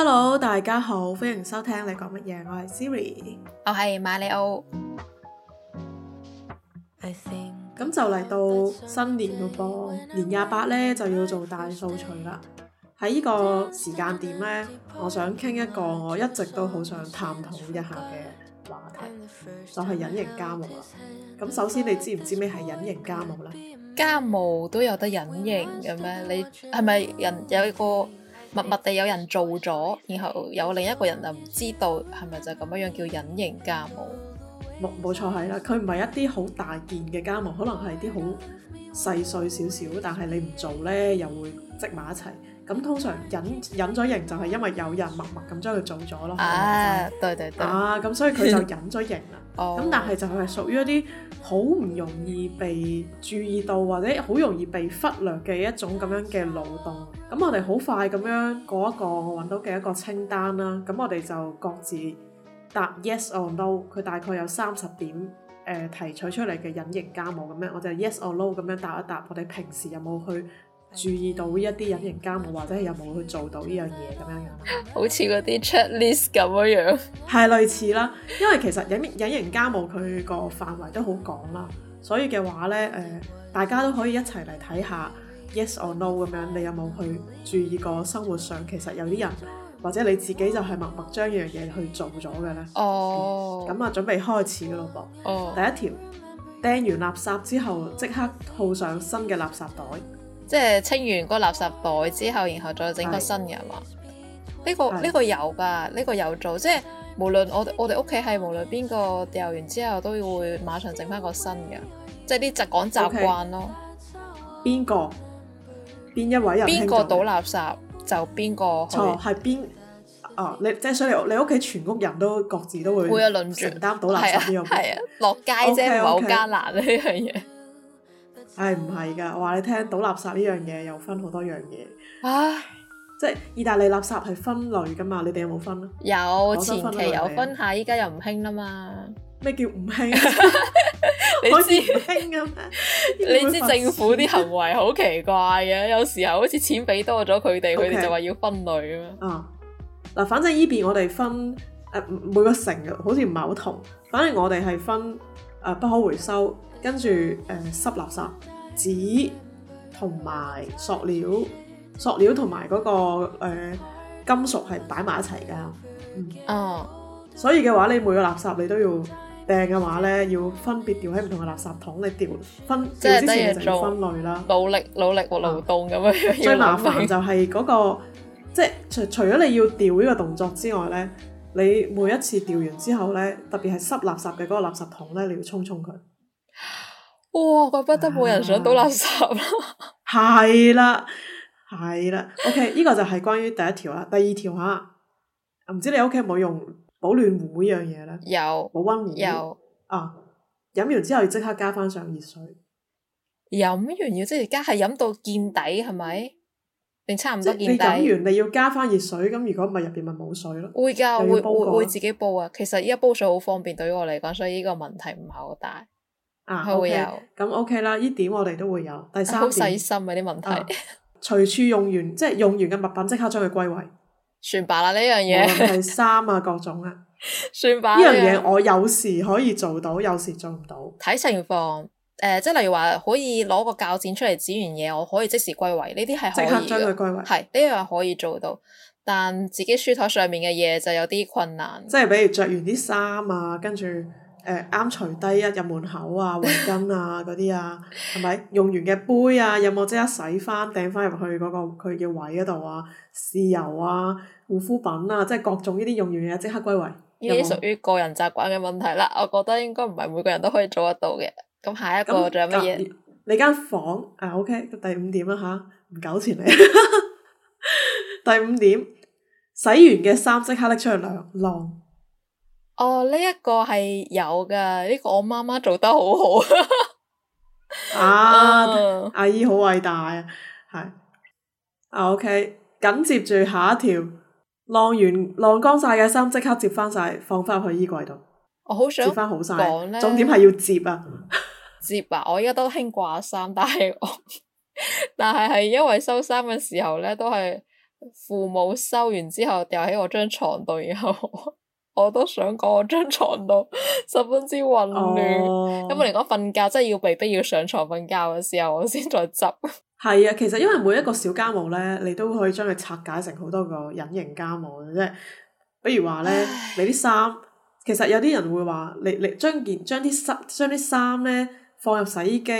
Hello，大家好，歡迎收聽。你講乜嘢？我係 Siri，我係馬里奧。I think 咁就嚟到新年咯噃，年廿八咧就要做大掃除啦。喺呢個時間點咧，我想傾一個我一直都好想探討一下嘅話題，就係隱形家務啦。咁首先你知唔知咩係隱形家務呢？家務都有得隱形嘅咩？你係咪人有一個？默默地有人做咗，然後有另一個人就唔知道，是是是，係咪就咁樣樣叫隱形家務？冇冇錯，係啦。佢唔係一啲好大件嘅家務，可能係啲好細碎少少，但係你唔做咧又會積埋一齊。咁通常隱隱咗形就係因為有人默默咁將佢做咗咯。啊，吧對對對。啊，咁所以佢就隱咗形啦。 咁、oh. 但係就係屬於一啲好唔容易被注意到或者好容易被忽略嘅一種咁樣嘅勞動。咁我哋好快咁樣過一個我揾到嘅一個清單啦。咁我哋就各自答 yes or no。佢大概有三十點誒、呃、提取出嚟嘅隱形家務咁樣，我就 yes or no 咁樣答一答。我哋平時有冇去注意到一啲隱形家務，或者有冇去做到呢樣嘢，咁樣樣好似嗰啲 checklist 咁樣樣，係 類似啦。因為其實隱隱形家務佢個範圍都好廣啦，所以嘅話呢，誒、呃、大家都可以一齊嚟睇下 yes or no 咁樣，你有冇去注意過生活上其實有啲人或者你自己就係默默將呢樣嘢去做咗嘅呢？哦、oh. 嗯，咁啊，準備開始咯，哦，oh. 第一條，掟完垃圾之後，即刻套上新嘅垃圾袋。即係清完個垃圾袋之後，然後再整個新嘅係嘛？呢的、這個呢、這個有㗎，呢、這個有做。即係無論我我哋屋企係無論邊個掉完之後，都會馬上整翻個新嘅。即係啲習慣習慣咯。邊個？邊一位人？邊個倒垃，垃圾就邊個？錯係邊？啊、哦，你即係所以你屋企全屋人都各自都會會有輪轉擔倒垃圾。係啊，落、啊啊啊、街啫只，唔係好艱難呢樣嘢。 唉，唔係噶，話你聽，倒垃圾呢樣嘢又分好多樣嘢。唉、啊，即係意大利垃圾係分類噶嘛？你哋有冇分？有分前期有分下，依家又唔興啦嘛。咩叫唔興？ 你知唔興噶咩？你知政府啲行為好奇怪嘅，有時候好似錢俾多咗佢哋，佢哋 okay. 就話要分類咁樣。啊，嗱，反正依邊我哋分誒、呃，每個城嘅好似唔係好同。反正我哋係分誒、呃、不可回收。跟住誒，濕垃圾、紙同埋塑料，塑料同埋嗰個誒金屬係擺埋一齊㗎。嗯。哦。所以嘅話，你每個垃圾你都要掟嘅話咧，要分別掉喺唔同嘅垃圾桶，你掉分即係之前就分類啦。努力努力勞動咁樣。最麻煩就係嗰個，即係除除咗你要掉呢個動作之外咧，你每一次掉完之後咧，特別係濕垃圾嘅嗰個垃圾桶咧，你要沖沖佢。哇！怪不得冇人想倒垃圾啦，啊。係啦， 係啦。OK，呢個就係關於第一條啦。 第二條啊，唔知你屋企有冇用保暖壺呢樣嘢咧？有保溫壺。有啊，飲完之後要即刻加翻上熱水。飲完要即係而家係飲到見底係咪？定差唔多見底。飲完你要加翻熱水，咁如果唔係，入邊咪冇水咯？會噶，會會會自己煲啊。其實依家煲水好方便，對於我嚟講，所以呢個問題唔係好大。啊，有。咁 OK, OK 啦，呢點我哋都會有。第三好細心嗰、啊、啲問題，隨、啊、處用完，即係用完嘅物品即刻將佢歸位，算罷啦呢樣嘢。係衫啊，各種啊，算罷。呢樣嘢我有時可以做到，有時做唔到，睇情況。誒、呃，即係例如話可以攞個鉸剪出嚟剪完嘢，我可以即時歸位，呢啲係即刻將佢歸位，係呢樣可以做到。但自己書台上面嘅嘢就有啲困難。即係比如着完啲衫啊，跟住。啱除低啊！入門口啊，圍巾啊嗰啲啊，係咪 用完嘅杯啊？有冇即刻洗翻掟翻入去嗰個佢嘅位嗰度啊？豉油啊、護膚品啊，即係各種呢啲用完嘅即刻歸位。呢啲屬於個人習慣嘅問題啦，我覺得應該唔係每個人都可以做得到嘅。咁下一個仲那有乜嘢？你間房啊？OK，第五點啦、啊、吓，唔搞前嚟。 第五點，洗完嘅衫即刻拎出去晾晾。哦，呢、這、一個係有噶，呢、這個我媽媽做得好好。 啊，uh, 阿姨好偉大啊，係 OK 緊接住下一條，晾完晾乾晒嘅衫，即刻接返晒，放返去衣櫃度。我想好想接返好衫。呢重點係要接啊，接 啊！我依家都興掛衫，但係我 但係係因為收衫嘅時候呢，都係父母收完之後掉喺我張床度，然後。我都想講，我張床度十分之混亂，哦嗯。咁我嚟講，瞓覺真係要被逼要上床瞓覺嘅時候，我先再執。係啊，其實因為每一個小家務咧，你都可以將佢拆解成好多個隱形家務嘅，即係比如話咧，你啲衫， 其實有啲人會話，你你將件將啲衫將啲衫咧放入洗衣機，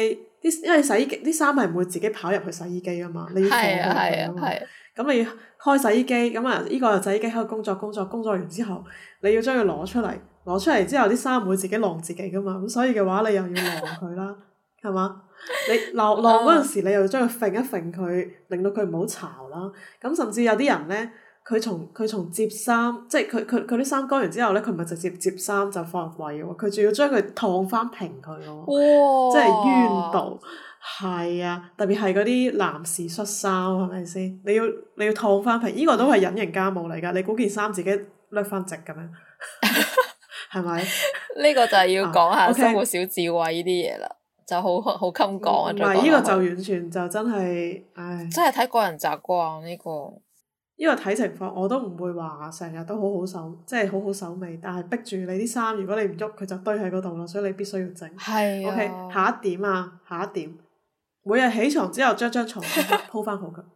啲因為洗衣機啲衫係唔會自己跑入去洗衣機噶嘛，你要放喺度的。咁你要開洗衣機，咁啊呢個洗衣機喺度工作工作工作完之後，你要將佢攞出嚟，攞出嚟之後啲衫唔會自己晾自己噶嘛，咁所以嘅話你又要晾佢啦，係嘛？ 你晾晾嗰陣時，你又將佢揈一揈佢，令到佢唔好巢啦。咁甚至有啲人呢，佢從佢從摺衫，即係佢佢佢啲衫乾完之後呢，佢唔係直接摺衫就放入櫃喎。佢仲要將佢燙翻平佢咯，哇即係冤道。係啊，特別係嗰啲男士恤衫，係咪先？你要你要熨翻平，呢個都係隱形家務嚟噶。你估件衫自己甩翻直咁樣，係 咪 ？呢 個就係要講下生活小智慧呢啲嘢啦，就好好襟講啊。唔、okay、係，呢個就完全就真係，唉！真係睇個人習慣呢個，呢個睇情況，我都唔會話成日都好好手，即係好好手尾，但係逼住你啲衫，如果你唔喐，佢就堆喺嗰度啦。所以你必須要整。係、啊。OK，下一點啊，下一點。每日起床之後，將張床鋪翻好佢呢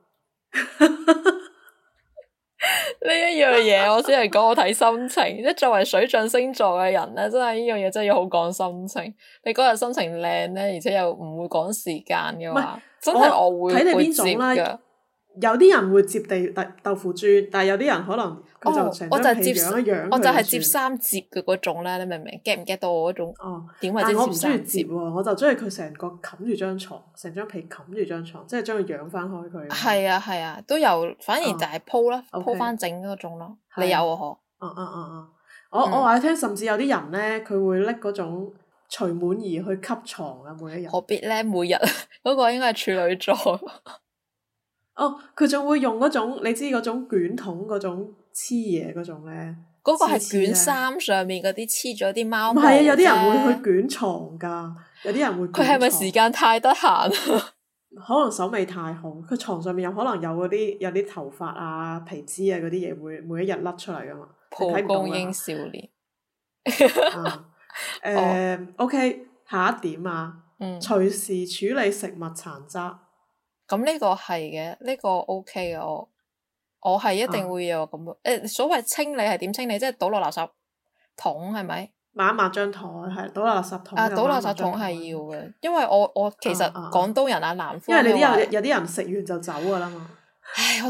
一樣嘢，我只係講我睇心情。即 作為水象星座嘅人咧，真係呢樣嘢真係要好講心情。 你嗰日心情靚咧，而且又唔會趕時間嘅話，是真係我，我看你 會對接㗎。有啲人會接地豆豆腐磚，但係有啲人可能佢就成張被，我就係接，接三折嘅嗰種咧，你明唔明？get 唔 get 到我嗰種？哦，點為之？但係我唔中意折，我就中意佢成個冚住張床，成張被冚住張床，即係將佢養翻開佢。係啊係啊，都有，反而就係鋪啦，鋪翻、哦、整嗰種咯。Okay，你有啊？嗬，嗯嗯嗯嗯，我我話你聽，甚至有啲人咧，佢會拎嗰種除蟎儀去吸床㗎，每一日。何必咧？每日嗰個應該係處女座。 哦，佢仲會用嗰種，你知嗰種卷筒嗰種黐嘢嗰種咧？嗰個係捲衫上面嗰啲黐咗啲貓毛。唔係啊，有啲人會去捲床噶，有啲人會。佢係咪時間太得閒啊？可能手尾太好，佢床上面有可能有嗰啲有啲頭髮啊、皮脂啊嗰啲嘢，會每一日甩出嚟噶嘛。蒲公英少年。誒，OK，下一點啊，嗯，隨時處理食物殘渣。咁呢個係嘅，呢、這個 O K 嘅我，我係一定會有。咁誒、啊。所謂清理係點清理，即係倒落垃圾桶係咪抹一抹張台，係倒垃圾桶。啊，倒垃圾桶係要嘅，因為我我其實廣、啊啊、東人啊，南方因為你啲為有有啲人食完就走㗎啦嘛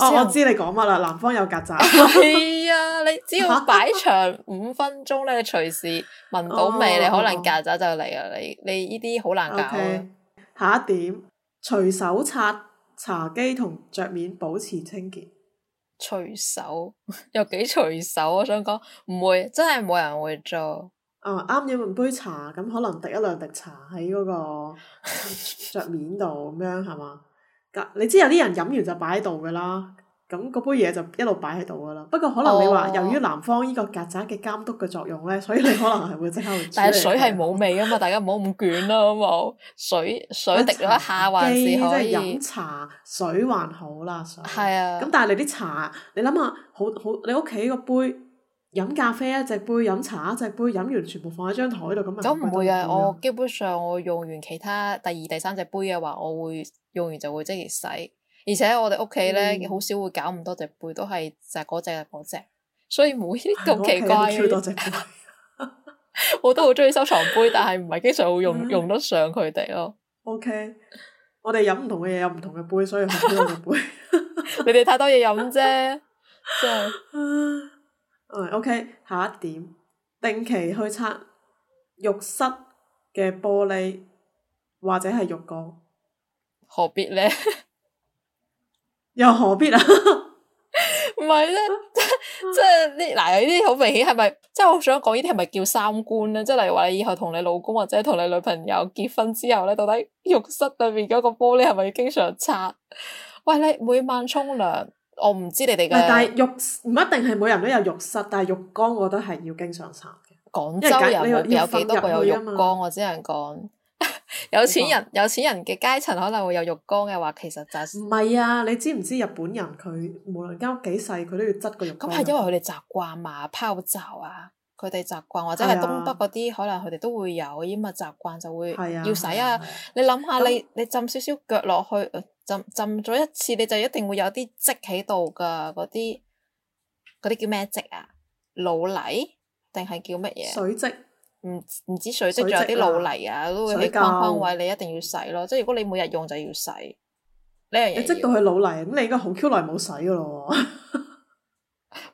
我、哦。我知你講乜啦，南方有曱甴。係 啊、哎，你只要擺長五分鐘咧，隨 時聞到味，哦、你可能曱甴就嚟啦。你你呢啲好難搞。Okay, 下一點，隨手擦。茶几同桌面保持清潔，隨手又幾隨手，我想講唔會，真係冇人會做。啊，啱飲完杯茶，咁可能滴一兩滴茶喺嗰、嗰個桌 面度咁樣，係嘛？你知有啲人飲完就擺喺度噶啦。咁嗰杯嘢就一路擺喺度噶啦。不過可能你話、oh. 由於南方呢個曱甴嘅監督嘅作用咧，所以你可能係會即刻。 但係水係冇味噶嘛， 大家唔好咁捲啦，好唔好？水水滴咗一下還係可以。啊、茶飲茶水還好啦。係啊。咁但係你啲茶，你諗下，好好你屋企個杯，飲咖啡一隻杯，飲茶一隻杯，飲完全部放喺張台度咁啊。咁唔會啊！我基本上我用完其他第二，第，二第三隻杯嘅話，我會用完就會即刻洗。而且我哋屋企咧，好、嗯、少會搞咁多隻杯，都係就係嗰隻嗰隻，所以冇呢啲咁奇怪。Okay, 超多隻杯，我都好中意收藏杯， 但係唔係經常會用 用得上佢哋咯。O、okay. K，我哋飲唔同嘅嘢，有唔同嘅杯，所以好多嘅杯。 你哋太多嘢飲啫， 真係是。誒，O K，下一點，定期去擦浴室嘅玻璃或者係浴缸，何必呢？又何必啊？唔係咧，即即係呢嗱，有啲好明顯係咪？即係我想講呢啲係咪叫三觀咧？即係例如話你以後同你老公或者同你女朋友結婚之後咧，到底浴室裏面嗰個玻璃係咪要經常擦？喂，你每晚沖涼，我唔知你哋嘅。但係浴唔一定係每人都有浴室，但係浴缸我覺得係要經常擦嘅。廣州有有幾多個有浴缸，嘛我只能講。有錢人，有錢人嘅階層可能會有浴缸嘅話，其實就唔、是、係啊！你知唔知日本人佢無論間屋幾細，佢都要執個浴缸。咁係因為佢哋習慣嘛，泡澡啊，佢哋習慣或者係東北嗰啲，是啊、可能佢哋都會有啲乜習慣，因為習慣就會是、啊、要洗啊。是啊，你諗下，你東你浸少少腳落去，浸、浸咗一次，你就一定會有啲積喺度㗎，嗰啲嗰啲叫咩積啊？老泥定係叫乜嘢？水積。唔唔止水漬，仲有啲老泥啊！都嗰啲框框位，你一定要洗咯。即係如果你每日用，就要洗呢樣嘢。積到去老泥，咁你應該好 Q 耐冇洗噶咯。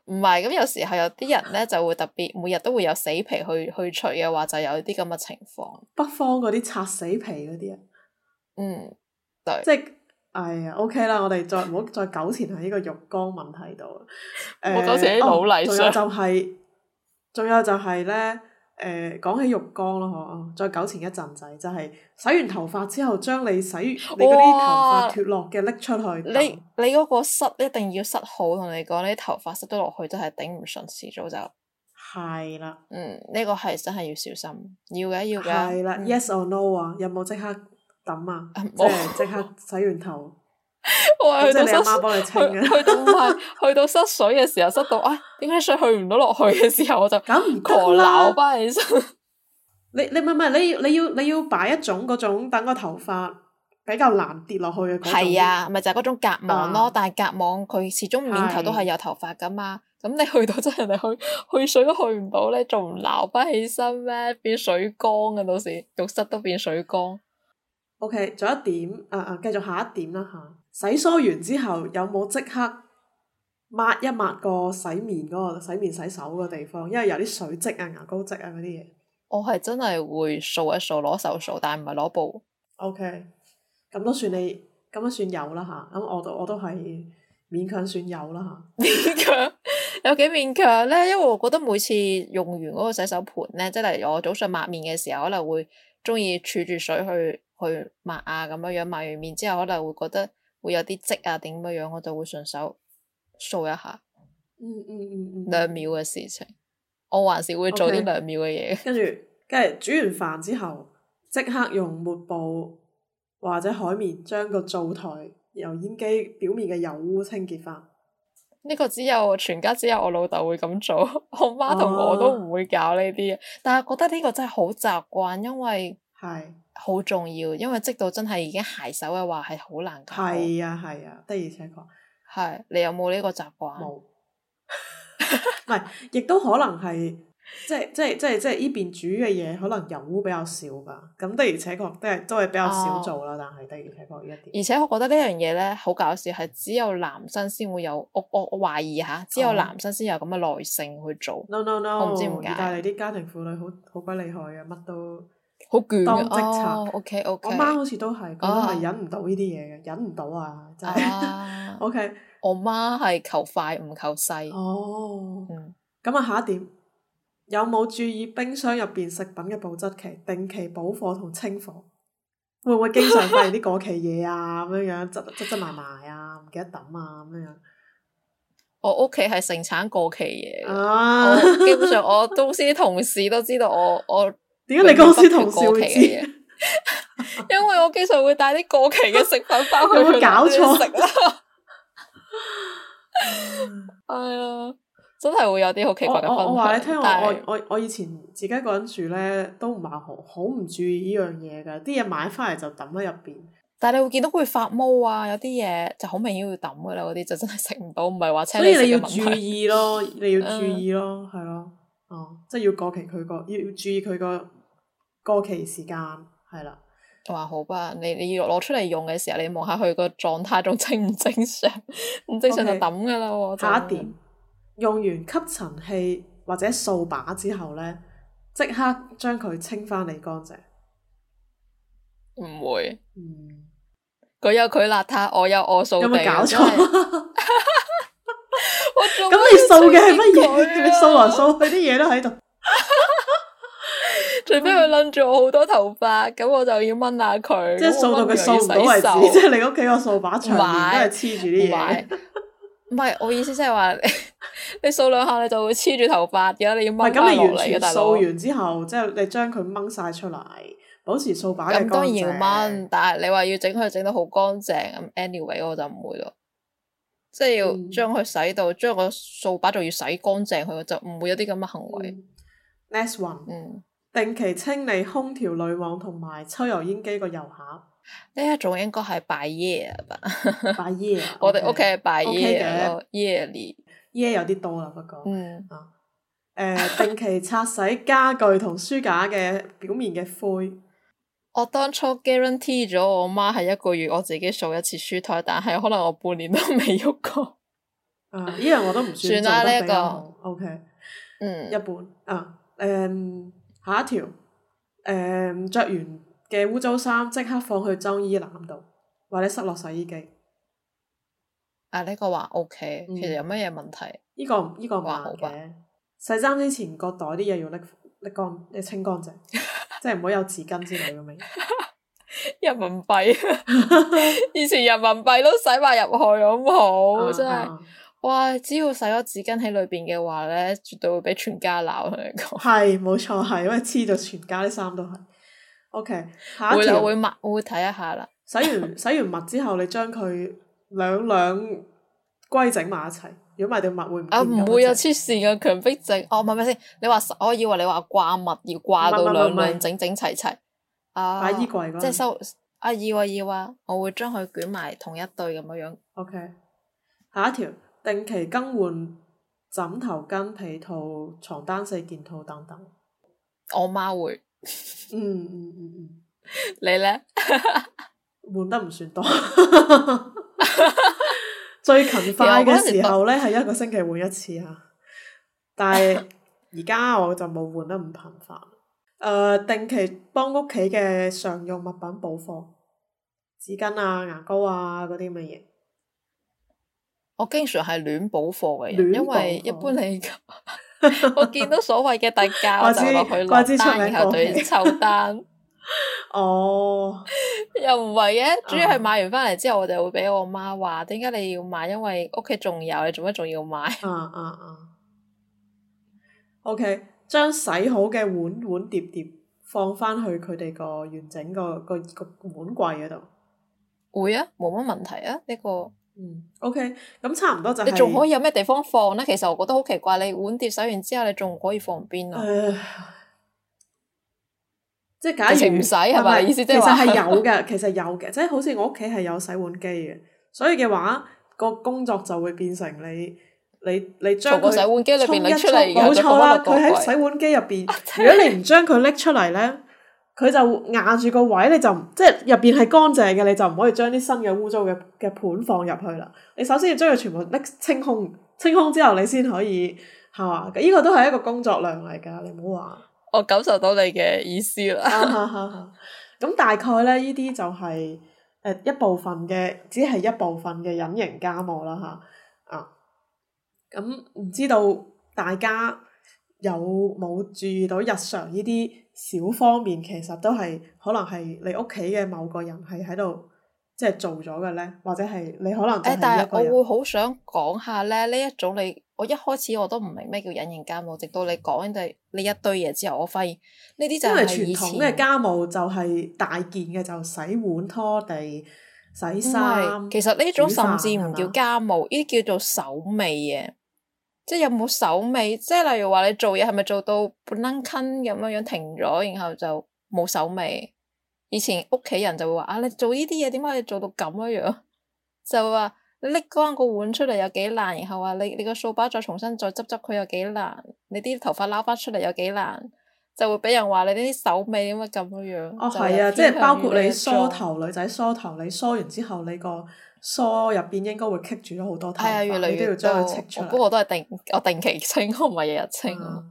唔 係，咁有時候有啲人咧就會特別每日都會有死皮去去除嘅話，就有啲咁嘅情況。北方嗰啲擦死皮嗰啲啊，嗯，對，即係，哎呀，OK 啦，我哋再唔好 再糾纏喺呢個浴缸問題度。我糾纏喺老泥水。仲、哦、有就係、是，仲有就係、是、咧。 誒，講、呃、起浴缸咯，嗬、哦，再久前一陣仔，就係洗完頭髮之後，將你洗你嗰啲頭髮脫落嘅拎出去。哇扔你你嗰個塞一定要塞好，同你講，你啲頭髮塞得落去，真係頂唔順，遲早就係啦。了嗯，呢、這個係真係要小心。要嘅，要嘅。係啦了、嗯、，yes or no 有有啊？有冇、嗯、即刻抌啊？即係即刻洗完頭。哦我話去到失水，去去到唔係去到失水嘅時候，失到哎，點解水去唔到落去嘅時候，我就咁狂鬧翻起身。 你你唔係唔係你要你要你要擺一種嗰種等個頭髮比較難跌落去嘅係啊，咪就係、是、嗰種隔網咯。啊、但係隔網佢始終面頭都係有頭髮噶嘛。咁是你去到真係去去水都去唔到咧，仲唔鬧翻起身咩？變水缸啊！到時浴室都變水缸。OK，仲有一點，啊啊，繼續下一點啦吓。啊洗梳完之後，有冇即刻抹一抹洗、嗰個洗面個洗面洗手嘅地方？因為有啲水漬啊、牙膏漬啊嗰啲嘢。我係真係會掃一掃攞手掃，但係唔係攞布。OK，咁都算你咁都算有啦吓，咁、啊、我，我都我都係勉強算有啦吓。啊、 勉強有幾勉強咧？因為我覺得每次用完嗰個洗手盆咧，即係例如我早上抹面嘅時候，可能會中意儲住水去去抹啊咁樣樣。抹完面之後可能會覺得。會有啲積啊，點樣樣，我就會順手掃一下，嗯嗯嗯嗯，兩秒嘅事情，我還是會做啲兩秒嘅嘢。跟住、okay.，跟住煮完飯之後，即刻用抹布或者海綿將個灶台、油煙機表面嘅油污清潔翻。呢個只有全家只有我老豆會咁做， 我媽同我都唔會搞呢啲，oh. 但係覺得呢個真係好習慣，因為。係好是重要，因為積到真係已經揩手嘅話，係好難。係啊係啊，的而且確係你有冇呢個習慣？冇、嗯，唔係， 亦都可能係，即係即係即係即係呢邊煮嘅嘢，就是就是就是、可能油污比較少噶。咁的而且確都係都係比較少做啦、哦。但係的而且確一啲。而且我覺得樣呢樣嘢咧好搞笑，係只有男生先會有，我我我懷疑吓，只有男生先有咁嘅耐性去做。No no no！我唔知點解，但係啲家庭婦女好好鬼厲害啊，乜都。好卷啊！哦，O K O K，我媽好似都係，佢都係忍唔到呢啲嘢嘅，忍唔到啊！真係。O K，我媽係求快唔求細。哦。咁啊，下一點有冇注意冰箱入邊食品嘅保質期？定期補貨同清貨，會唔會經常發現啲過期嘢啊？咁樣樣，執執執埋埋啊，唔記得抌啊，咁樣樣。我屋企係盛產過期嘢嘅，我基本上我公司啲同事都知道我我。點解你公司同事會知？明明 因為我經常會帶啲過期嘅食品翻 去搞哋食啦。哎呀，真係會有啲好奇怪嘅分享。我話你聽，但係我我我以前自己一個人住咧，都唔係好好唔注意呢樣嘢噶。啲嘢買翻嚟就抌喺入邊。但係你會見到佢會發毛啊，有啲嘢就好明顯會抌噶啦。嗰啲就真係食唔到，唔係話青。所以你要注意咯，你要注意咯，係咯、嗯，哦、嗯 嗯，即係要過期佢個，要要注意佢個。過期時間係啦，哇，好吧，你你要攞出嚟用嘅時候，你望下佢個狀態仲正唔正常？唔正常就抌噶啦。下一點，用完吸塵器或者掃把之後咧，即刻將佢清翻嚟乾淨。唔會，佢有佢邋遢，我有我掃地。有冇搞錯？我咁你掃嘅係乜嘢？你掃來掃去啲嘢都喺度。除非佢擸住我好多頭髮，咁我就要掹下佢。即係是掃到佢掃唔到為止，即係你屋企個掃把上面都係黐住啲嘢。唔係，我意思即係話， 你掃兩下你就會黐住頭髮嘅，你要掹得落嚟嘅。掃完，完之後，即係 你將佢掹晒出嚟。保持掃把咁當然要掹，但係你話要整佢整得好乾淨咁，anyway，我就唔會咯。即係要將佢洗到，嗯、將個掃把仲要洗乾淨佢，就唔會有啲咁嘅行為。嗯、Next one，嗯。定期清理空調濾網同埋抽油煙機個油盒，呢一種應該係 by year 吧？by year，我哋屋企係 by year 嘅嘢嚟，耶有啲多啦，不過嗯啊誒，mm. uh, 定期擦洗家具同書架嘅表面嘅灰。 我當初 guarantee 咗我媽係一個月我自己掃一次書台，但係可能我半年都未喐過。啊，呢樣我都唔算做得比較好。算啦，呢一個。O K，嗯，一半啊，誒。下一條，誒、嗯、着完嘅污糟衫，即刻放去髒衣籃度，或者塞落洗衣機。啊呢、呢個話 OK、嗯、其實有乜嘢問題？呢、呢個呢、呢個唔話嘅，洗衫之前個袋啲嘢要拎拎乾，清乾淨， 即係唔好有紙巾之類咁樣。 人民幣帯， 以前人民幣都洗埋入去，好唔好？真係。哇！只要洗咗紙巾喺裏邊嘅話咧，絕對會俾全家鬧。係，冇錯，係，因為黐到全家啲衫都係。O、okay, K，下一條會抹，我會睇一下啦 。洗完洗完襪之後，你將佢兩兩歸整埋一齊。如果埋條襪會唔？啊，唔會有黐線嘅強迫症。哦、啊，唔係唔先，oh, wait, wait, wait, 你話我以為你話掛襪要掛到兩兩整整齊齊。啊！喺衣櫃嗰、啊、即係收啊！要啊要啊！我會將佢捲埋同一對咁樣樣。 o Okay. K，、okay. 下一條。定期更換枕頭巾、跟被套、床單四件套等等。我媽媽會，嗯嗯嗯嗯，嗯嗯你呢？換 得唔算多， 最勤快嘅時候呢，係 一個星期換一次啊。 但係而家我就冇換得唔頻繁。誒、uh,，定期幫屋企嘅常用物品補貨，紙巾啊、牙膏啊嗰啲咁嘅嘢。我經常係亂補貨嘅人，因為一般你 我見到所謂嘅特價 我就落去落單，然後對湊單。哦， 又唔係嘅，啊、主要係買完返嚟之後，我哋會畀我媽話：點解你要買？因為屋企仲有，你做乜仲要買？啊啊啊！O K，將洗好嘅碗碗碟碟放返去佢哋個完整個個個碗櫃嗰度。會啊，冇乜問題啊，呢、這個。嗯，OK，咁差唔多就是。你仲可以有咩地方放咧？其實我覺得好奇怪，你碗碟洗完之後，你仲可以放邊啊、呃？即係假如唔使，係咪？是是是意思即、就、係、是、其實係有嘅， 其實有嘅，即係好似我屋企係有洗碗機嘅，所以嘅話個工作就會變成你你你將個洗碗機裏邊拎出嚟，冇錯啦！佢喺洗碗機入邊， 如果你唔將佢拎出嚟咧。佢就壓住個位，你就即係入邊係乾淨嘅，你就唔可以將啲新嘅污糟嘅嘅盤放入去啦。你首先要將佢全部拎清空，清空之後你先可以係咪。呢、這個都係一個工作量嚟噶，你唔好話。我感受到你嘅意思啦。咁 大概呢依啲就係、是、誒、呃、一部分嘅，只係一部分嘅隱形家務啦，嚇啊。咁、啊、唔知道大家有冇注意到日常呢啲？小方面其實都係可能係你屋企嘅某個人係喺度即係做咗嘅咧，或者係你可能誒、欸，但係我會好想講下咧，呢一種你我一開始我都唔明咩叫隱形家務，直到你講完呢一堆嘢之後，我發現呢啲就係傳統嘅家務就係大件嘅就洗碗、拖地、洗衫，其實呢種甚至唔叫家務，呢啲叫做手尾嘢。即係有冇手尾？即係例如話你做嘢係咪做到半撚坑咁樣樣停咗，然後就冇手尾。以前屋企人就會話：啊，你做呢啲嘢點解可以做到咁樣樣？ 就會話你拎翻個碗出嚟有幾難，然後話你你個掃把再重新再執執佢有幾難，你啲頭髮撈翻出嚟有幾難，就會俾人話你啲手尾咁樣樣。哦，係啊，的即係包括你梳頭,你梳頭女仔梳頭,梳頭，你梳完之後你個。梳入邊應該會棘住咗好多頭髮，都、啊、要將佢清出嚟。不過都係定，我定期清，我唔係日日清、啊、咯。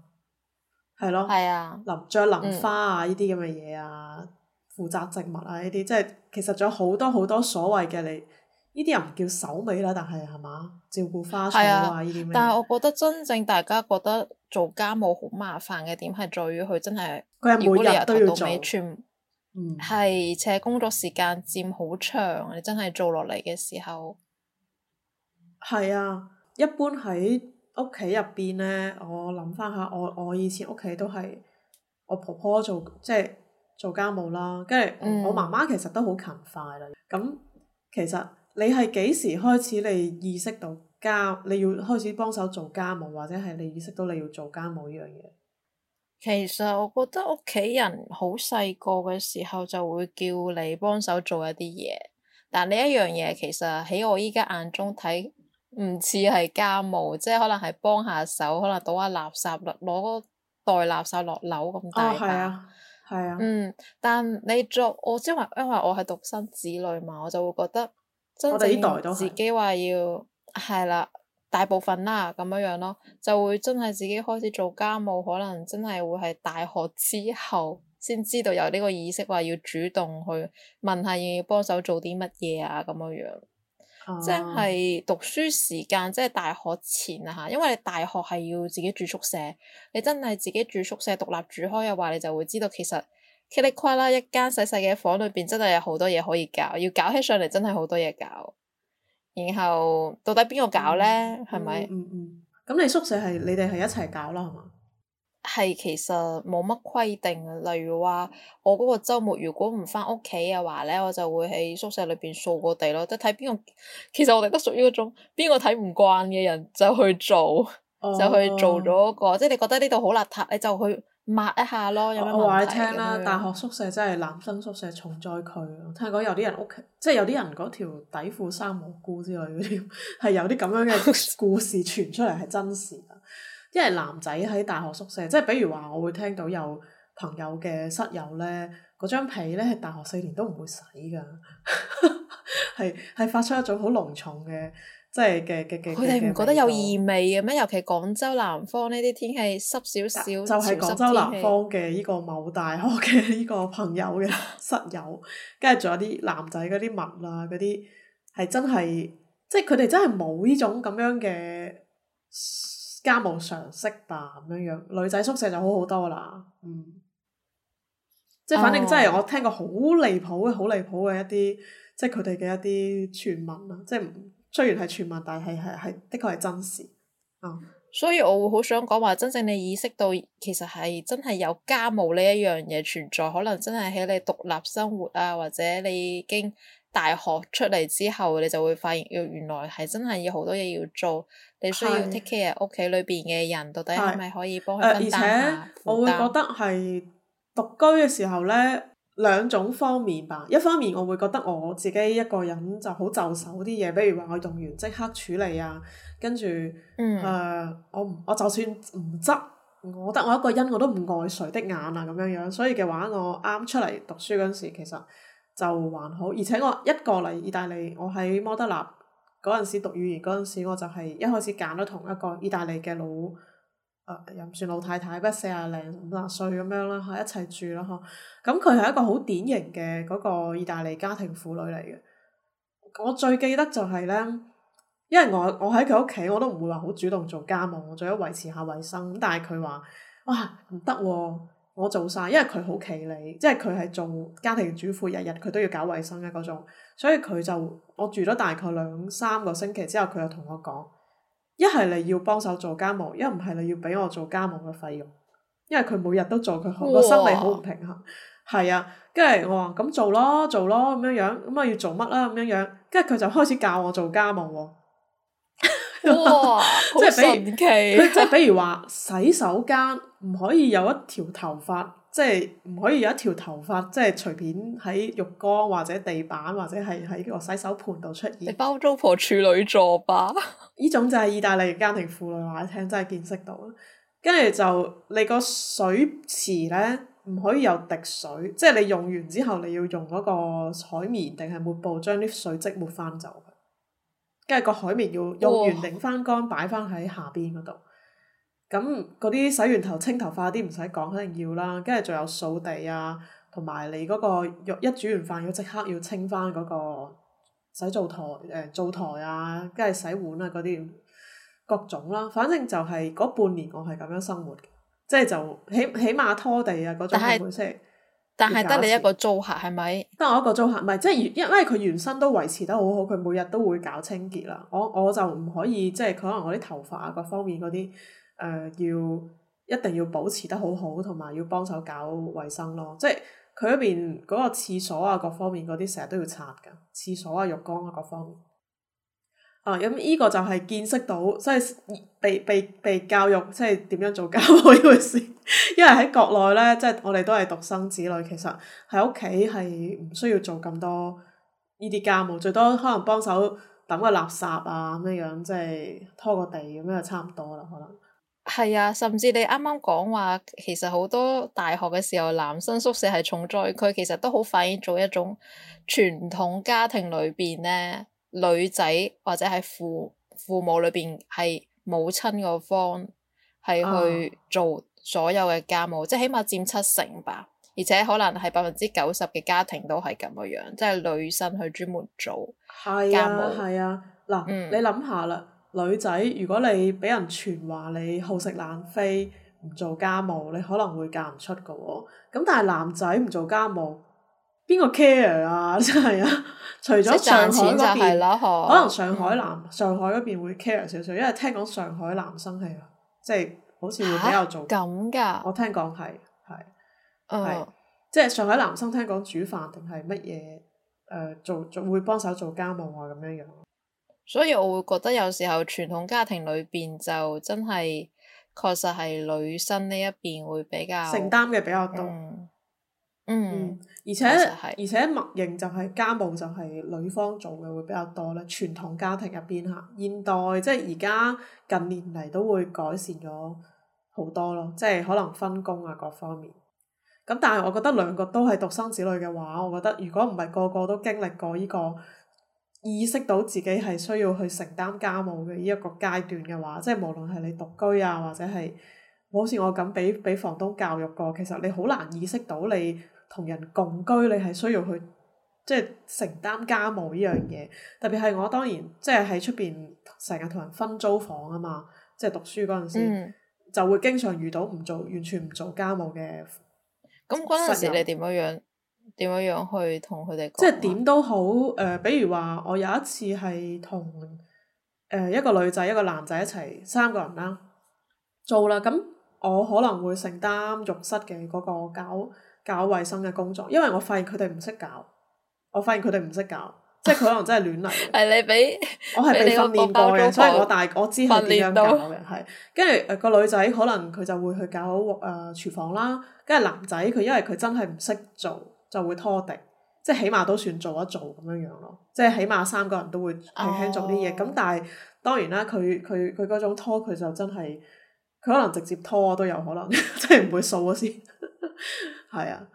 係咯，係啊。淋着淋花啊，呢啲咁嘅嘢啊，負責植物啊呢啲，即係其實仲有好多好多所謂嘅你呢啲又唔叫手尾啦，但係係嘛，照顧花草啊呢啲。啊、但係我覺得真正大家覺得做家務好麻煩嘅點係在於佢真係，佢係每日都要做。係，而且，嗯、工作時間佔好長，你真係做落嚟嘅時候，係啊。一般喺屋企入邊咧，我諗翻下，我我以前屋企都係我婆婆做，即係做家務啦。跟住我媽媽、嗯、其實都好勤快啦。咁其實你係幾時開始你意識到家你要開始幫手做家務，或者係你意識到你要做家務呢樣嘢？其實我覺得屋企人好細個嘅時候就會叫你幫手做一啲嘢，但呢一樣嘢其實喺我依家眼中睇唔似係家務，即係可能係幫下手，可能倒下垃圾啦，攞個袋垃圾落樓咁大把。哦，係啊，係啊。嗯，但你做我，因為因為我係獨生子女嘛，我就會覺得真正自己話要係啦。大部分啦，咁樣樣咯，就會真係自己開始做家務，可能真係會係大學之後先知道有呢個意識，話要主動去問下要幫手做啲乜嘢啊，咁樣樣。啊、即係讀書時間，即係大學前啊嚇，因為你大學係要自己住宿舍，你真係自己住宿舍獨立住開嘅話，你就會知道其實，噼里呱啦一間細細嘅房裏邊，真係有好多嘢可以搞，要搞起上嚟真係好多嘢搞。然後到底邊個搞咧？係咪？嗯嗯，咁你宿舍係你哋係一齊搞啦，係嘛？係其實冇乜規定啊。例如話我嗰個周末如果唔翻屋企嘅話咧，我就會喺宿舍裏邊掃個地咯。得睇邊個，其實我哋都屬於嗰種邊個睇唔慣嘅人就去做，哦、 就去做咗、那個。即係你覺得呢度好邋遢，你就去。抹一下咯，有咩問題？我話你聽啦，對大學宿舍真係男生宿舍重災區。聽講有啲人屋企，嗯、即係有啲人嗰條底褲生蘑菇之類嗰啲，係有啲咁樣嘅故事傳出嚟係真事。 因為男仔喺大學宿舍，即係比如話，我會聽到有朋友嘅室友咧，嗰張被咧係大學四年都唔會洗㗎，係 係發出一種好濃重嘅。即係嘅嘅嘅，佢哋唔覺得有異味嘅咩？尤其廣州南方呢啲天氣濕少少，就係廣州南方嘅呢個某大學嘅呢個朋友嘅室友，跟住仲有啲男仔嗰啲襪啊，嗰啲係真係，即係佢哋真係冇呢種咁樣嘅家務常識吧咁樣樣。女仔宿舍就好好多啦，嗯，即係反正真係、Oh. 我聽過好離譜好離譜嘅一啲，即係佢哋嘅一啲傳聞啊，即係唔。雖然係傳聞，但係係係的確係真事、嗯、所以我會好想講話，真正你意識到其實係真係有家務呢一樣嘢存在，可能真係喺你獨立生活啊，或者你已經大學出嚟之後，你就會發現原來係真係有好多嘢要做，你需要 take care 屋企裏邊嘅人，到底係咪可以幫佢分擔？負擔。我會覺得係獨居嘅時候呢。兩種方面吧，一方面我會覺得我自己一個人就好就手啲嘢，比如話我用完即刻處理啊，跟住誒、嗯呃、我唔我就算唔執，我得我一個人我都唔礙誰的眼啊咁樣樣，所以嘅話我啱出嚟讀書嗰陣時其實就還好，而且我一個嚟意大利，我喺摩德納嗰陣時讀語言嗰陣時，我就係一開始揀咗同一個意大利嘅佬。.又唔算老太太，不過四啊零五啊歲咁樣啦，一齊住咯，嗬。咁佢係一個好典型嘅嗰個意大利家庭婦女嚟嘅。我最記得就係、是、呢，因為我我喺佢屋企，我都唔會話好主動做家務，我最多維持下衞生。但係佢話，哇、啊，唔得，喎，我做晒，因為佢好企理，即係佢係做家庭主婦，日日佢都要搞衞生嘅嗰種。所以佢就我住咗大概兩三個星期之後，佢就同我講。一係你要幫手做家務，一唔係你要俾我做家務嘅費用，因為佢每日都做，佢好。個心理好唔平衡。係啊。哇，跟住我話咁做咯，做咯咁樣樣，咁我要做乜啦咁樣樣，跟住佢就開始教我做家務喎。 哇， 即係比如佢即係比如話洗手間唔可以有一條頭髮。即係唔可以有一條頭髮，即係隨便喺浴缸或者地板或者係喺個洗手盤度出現。你包租婆處女座吧？呢 種就係意大利家庭婦女話你聽，真係見識到，跟住就你個水池呢，唔可以有滴水，即係你用完之後你要用嗰個海綿定係抹布將啲水漬抹翻走。佢跟住個海綿要用完擰翻乾，擺翻喺下邊嗰度。咁嗰啲洗完頭清頭髮啲唔使講，肯定要啦。跟住仲有掃地啊，同埋你嗰個若一煮完飯要即刻要清翻嗰個洗灶台誒灶、呃、台啊，跟住洗碗啊嗰啲各種啦。反正就係、是、嗰半年我係咁樣生活，即係就起起碼拖地啊嗰種。但係是，會會但係得你一個租客係咪？得設我一個租客，唔係即係，因因為佢原身都維持得好好，佢每日都會搞清潔啦。我我,我就唔可以即係，可能我啲頭髮啊各方面嗰啲。誒，要、呃、一定要保持得好好，同埋要幫手搞衛生咯。即係佢嗰邊嗰個廁所啊，各方面嗰啲成日都要拆噶，廁所啊、浴缸啊，各方面。啊，咁、嗯、呢、呢個就係見識到，即係被被被教育，即係點樣做家務呢回事。 因為喺國內呢，即係我哋都係獨生子女，其實喺屋企係唔需要做咁多呢啲家務，最多可能幫手抌個垃圾啊，咁樣樣，即係拖個地咁樣就差唔多啦，可能。係啊，甚至你啱啱講話，其實好多大學嘅時候，男生宿舍係重災區，其實都好反映做一種傳統家庭裏邊咧，女仔或者係父父母裏邊係母親個方係去做所有嘅家務，啊、即係起碼佔七成吧，而且可能係百分之九十嘅家庭都係咁嘅樣，即係女生去專門做家務，係啊，嗱、嗯啊啊，你諗下啦。女仔，如果你俾人傳話你好食懶飛，唔做家務，你可能會嫁唔出㗎喎。咁但係男仔唔做家務，邊個 care 啊？真係啊！除咗上海嗰邊，可能上海男、嗯、上海嗰邊會 care 少少，因為聽講上海男生係即係好似會比較做咁㗎。啊、我聽講係係係，即係、嗯、上海男生聽講煮飯定係乜嘢？誒、呃，做做會幫手做家務啊，咁樣樣。所以我會覺得有時候傳統家庭裏邊就真係確實係女生呢一邊會比較承擔嘅比較多，嗯，嗯嗯，而且而且默認就係、是、家務就係、是、女方做嘅會比較多啦。傳統家庭入邊吓，現代即係而家近年嚟都會改善咗好多咯，即係可能分工啊各方面。咁但係我覺得兩個都係獨生子女嘅話，我覺得如果唔係個個，個個都經歷過呢、這個。意識到自己係需要去承擔家務嘅呢一個階段嘅話，即係無論係你獨居啊，或者係，好似我咁俾俾房東教育過，其實你好難意識到你同人共居，你係需要去即係承擔家務呢樣嘢。特別係我當然即係喺出邊成日同人分租房啊嘛，即係讀書嗰陣時、嗯、就會經常遇到唔做完全唔做家務嘅，咁嗰陣時你點樣樣？點樣樣去同佢哋講？即係點都好誒，比如話我有一次係同誒一個女仔一個男仔一齊三個人啦做啦，咁我可能會承擔浴室嘅嗰個搞搞衛生嘅工作，因為我發現佢哋唔識搞，我發現佢哋唔識搞，即係佢可能真係亂嚟嘅。係你俾我係被訓練過嘅，所以我大我知係點樣搞嘅，係跟住誒個女仔可能佢就會去搞誒廚房啦，跟住男仔佢因為佢真係唔識做。就會拖地，即係起碼都算做一做咁樣樣咯。即係起碼三個人都會輕輕做啲嘢。咁、oh. 但係當然啦，佢佢佢嗰種拖，佢就真係佢可能直接拖都有可能，即係唔會掃咗先。係啊，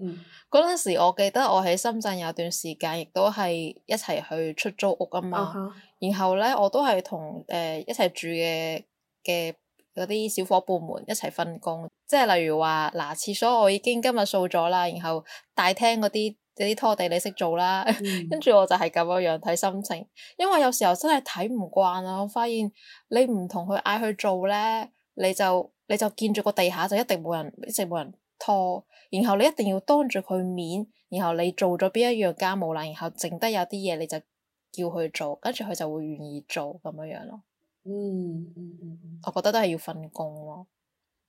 嗯。嗰時嗰陣時，我記得我喺深圳有段時間，亦都係一齊去出租屋啊嘛。Uh huh. 然後咧，我都係同誒一齊住嘅嘅。嗰啲小伙伴們一齊分工，即係例如話嗱，廁所我已經今日掃咗啦，然後大廳嗰啲嗰啲拖地你識做啦，跟住、嗯、我就係咁樣樣睇心情，因為有時候真係睇唔慣啊！我發現你唔同佢嗌去做咧，你就你就見住個地下就一定冇人，一直冇人拖，然後你一定要當住佢面，然後你做咗邊一樣家務啦，然後剩低有啲嘢你就叫佢做，跟住佢就會願意做咁樣樣咯。嗯嗯嗯，嗯我覺得都係要分工咯。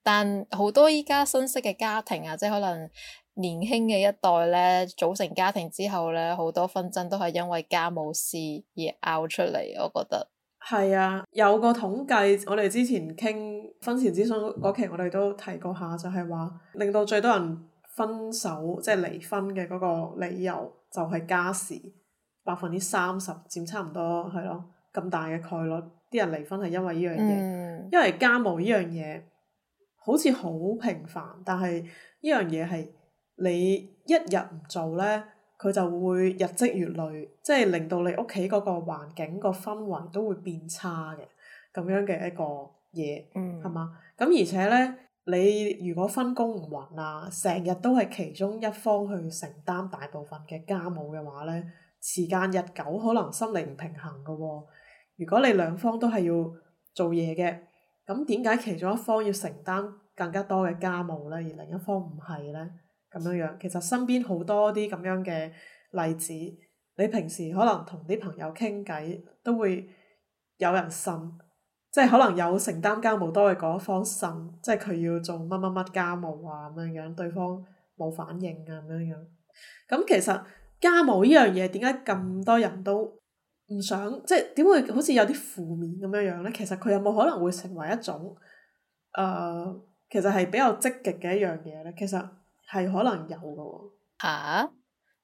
但好多依家新式嘅家庭啊，即係可能年輕嘅一代咧組成家庭之後咧，好多紛爭都係因為家務事而拗出嚟。我覺得係啊，有個統計，我哋之前傾婚前諮詢嗰期，我哋都提過下，就係、是、話令到最多人分手即係、就是、離婚嘅嗰個理由就係、是、家事，百分之三十佔差唔多係咯咁大嘅概率。啲人離婚係因為呢樣嘢，嗯、因為家務呢樣嘢好似好平凡，但係呢樣嘢係你一日唔做呢，佢就會日積月累，即係令到你屋企嗰個環境、個氛圍都會變差嘅咁樣嘅一個嘢，係嘛、嗯？咁而且呢，你如果分工唔均啊，成日都係其中一方去承擔大部分嘅家務嘅話呢，時間日久可能心理唔平衡噶喎、哦。如果你兩方都係要做嘢嘅，咁點解其中一方要承擔更加多嘅家務呢？而另一方唔係呢？咁樣樣，其實身邊好多啲咁樣嘅例子。你平時可能同啲朋友傾偈，都會有人呻，即係可能有承擔家務多嘅嗰一方呻，即係佢要做乜乜乜家務啊咁樣樣，對方冇反應啊咁樣樣。咁其實家務呢樣嘢，點解咁多人都？唔想即係點會好似有啲負面咁樣樣呢？其實佢有冇可能會成為一種誒、呃，其實係比較積極嘅一樣嘢呢？其實係可能有噶喎吓，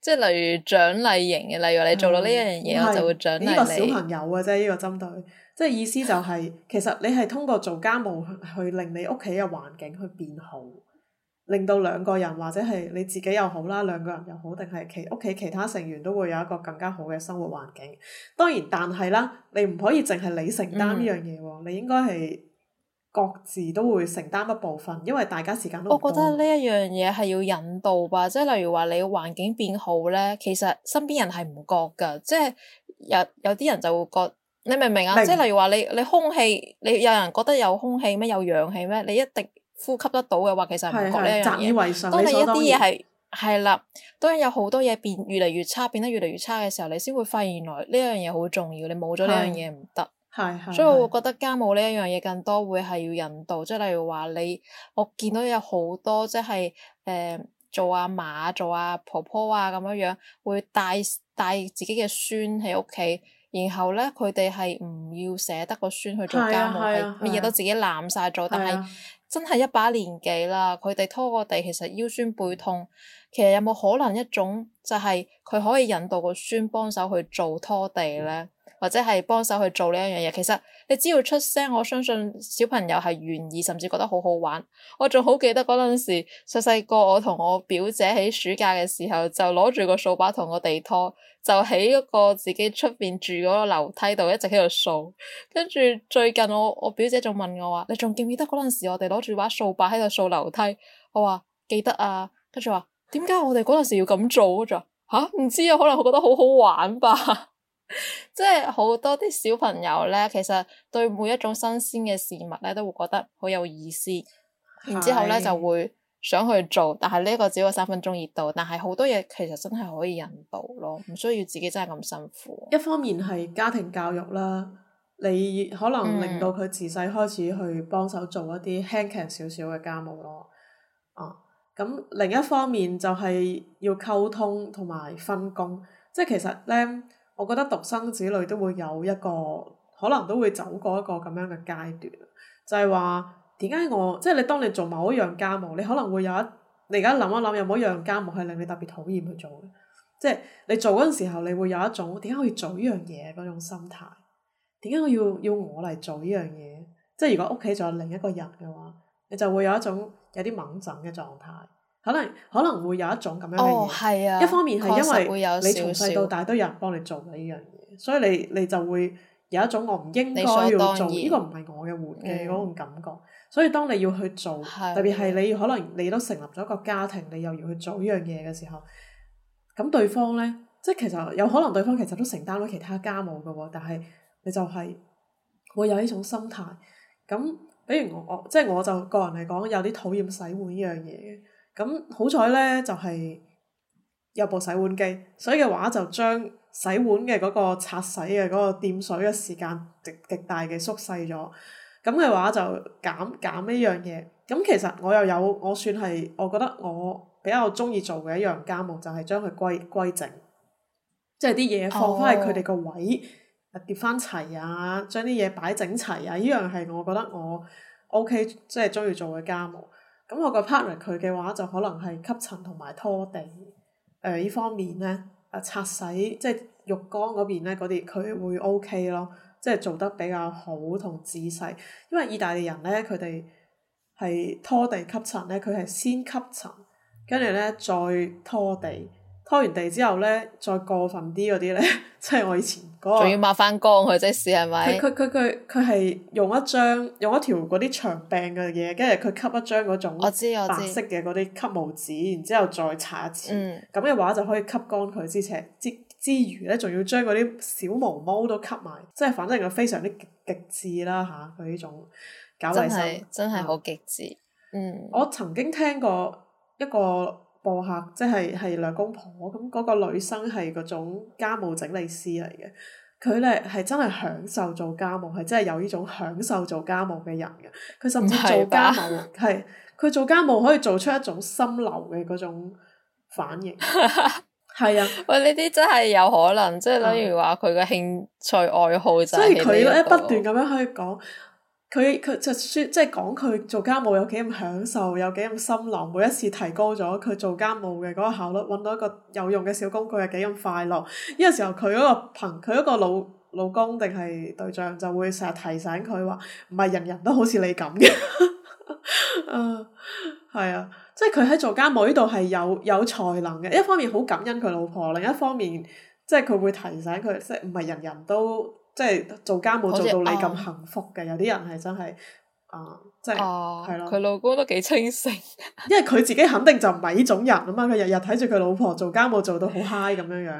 即係例如獎勵型嘅，例如你做到呢樣嘢，嗯、我就會獎勵是你。小朋友嘅啫，呢 個針對，即係意思就係、是，其實你係通過做家務去令你屋企嘅環境去變好。令到兩個人或者係你自己又好啦，兩個人又好，定係其屋企其他成員都會有一個更加好嘅生活環境。當然，但係啦，你唔可以淨係你承擔呢樣嘢喎，嗯，你應該係各自都會承擔一部分，因為大家時間都唔多。我覺得呢一樣嘢係要引導吧，即係例如話你環境變好咧，其實身邊人係唔覺㗎，即係有有啲人就會覺你明唔明啊？明白即係例如話你你空氣，你有人覺得有空氣咩？有氧氣咩？你一定，呼吸得到嘅話，其實唔覺呢樣嘢。都你當你一啲嘢係係啦，當然有好多嘢變越嚟越差，變得越嚟越差嘅時候，你先會發現原來呢樣嘢好重要。你冇咗呢樣嘢唔得。係，所以我會覺得家務呢一樣嘢更多會係要引導。即係例如話你，我見到有好多即係誒、呃、做阿媽做阿婆婆啊咁樣樣，會帶帶自己嘅孫喺屋企，然後咧佢哋係唔要捨得個孫去做家務，係乜嘢都自己攬晒咗。但係。但真係一把年紀啦，佢哋拖個地其實腰酸背痛，其實有冇可能一種就係佢可以引導個孫幫手去做拖地咧，或者係幫手去做呢一樣嘢？其實你只要出聲，我相信小朋友係願意，甚至覺得好好玩。我仲好記得嗰陣時，細細個我同我表姐喺暑假嘅時候，就攞住個掃把同個地拖。就喺嗰個自己出邊住嗰個樓梯度一直喺度掃，跟住最近我我表姐仲問我話，你仲記唔記得嗰陣時我哋攞住把掃把喺度掃樓梯？我話記得啊，跟住話點解我哋嗰陣時要咁做？佢就吓唔知啊，可能我覺得好好玩吧。 即係好多啲小朋友咧，其實對每一種新鮮嘅事物咧，都會覺得好有意思，然之後咧是就會。想去做，但係呢個只有三分鐘熱度。但係好多嘢，其實真係可以引導咯，唔需要自己真係咁辛苦。一方面係家庭教育啦，你可能令到佢自細開始去幫手做一啲輕巧少少嘅家務咯。啊，咁另一方面就係要溝通同埋分工，即係其實咧，我覺得獨生子女都會有一個，可能都會走過一個咁樣嘅階段，就係話。點解我，即係你當你做某一樣家務，你可能會有一你而家諗一諗，有冇一樣家務係令你特別討厭去做嘅？即係你做嗰陣時候，你會有一種點解可以做呢樣嘢嗰種心態？點解我要要我嚟做呢樣嘢？即係如果屋企仲有另一個人嘅話，你就會有一種有啲掹憎嘅狀態，可能可能會有一種咁樣嘅嘢。哦，係啊，確實會有少少。一方面係因為你從細到大都有人幫你做緊呢樣嘢，所以你你就會有一種我唔應該要做呢個唔係我嘅活嘅嗰種感覺。嗯所以當你要去做，的特別係你可能你都成立咗一個家庭，你又要去做呢樣嘢嘅時候，咁、嗯、對方呢，即係其實有可能對方其實都承擔咗其他家務嘅喎，但係你就係會有呢種心態。咁，比如我、嗯、即我即係我就個人嚟講有啲討厭洗碗呢樣嘢嘅，咁好彩呢，就係、是、有部洗碗機，所以嘅話就將洗碗嘅嗰個擦洗嘅嗰個掂水嘅時間極極大嘅縮細咗。咁嘅話就減減呢樣嘢。咁其實我又有我算係我覺得我比較中意做嘅一樣家務就係、是、將佢歸歸整，即係啲嘢放翻去佢哋個位，啊、哦，疊翻齊啊，將啲嘢擺整齊啊。呢樣係我覺得我 O K，即係中意做嘅家務。咁我個 partner 佢嘅話就可能係吸塵同埋拖地，誒呢方面呢，啊，擦洗即係浴缸嗰邊呢，嗰啲佢會 O、OK、K 咯。即係做得比較好同仔細，因為意大利人呢，佢哋係拖地吸塵呢，佢係先吸塵，跟住呢，再拖地，拖完地之後呢，再過分啲嗰啲呢，即 係我以前嗰個。仲要抹翻乾佢即係，是係咪？佢佢佢佢佢係用一張用一條嗰啲長柄嘅嘢，跟住佢吸一張嗰種我知我知白色嘅嗰啲吸毛紙，然之後再擦一次。嗯。咁嘅話就可以吸乾佢之前。之。之餘咧，仲要將嗰啲小毛毛都吸埋，即係反正係非常之極極致啦嚇。佢、啊、呢種搞衞生真係好極致。嗯，我曾經聽過一個播客，即係係兩公婆咁，嗰、嗰個女生係嗰種家務整理師嚟嘅，佢咧係真係享受做家務，係真係有呢種享受做家務嘅人嘅。佢甚至做家務係佢做家務可以做出一種心流嘅嗰種反應。 係啊！喂，呢啲真係有可能，即係例如話佢嘅興趣愛好就係佢呢不斷咁樣可以講，佢佢就書即係講佢做家務有幾咁享受，有幾咁心涼，每一次提高咗佢做家務嘅嗰個效率，搵到一個有用嘅小工具係幾咁快樂。呢個時候佢嗰個朋，佢嗰個老老公定係對象就會成日提醒佢話，唔係人人都好似你咁嘅，啊，係啊。即係佢喺做家務呢度係有有才能嘅，一方面好感恩佢老婆，另一方面即係佢會提醒佢，即係唔係人人都即係做家務做到你咁幸福嘅，像有啲人係真係、呃、啊，即係係咯。佢老公都幾清醒， 因為佢自己肯定就唔係呢種人啊嘛，佢日日睇住佢老婆做家務做到好 high 咁樣樣。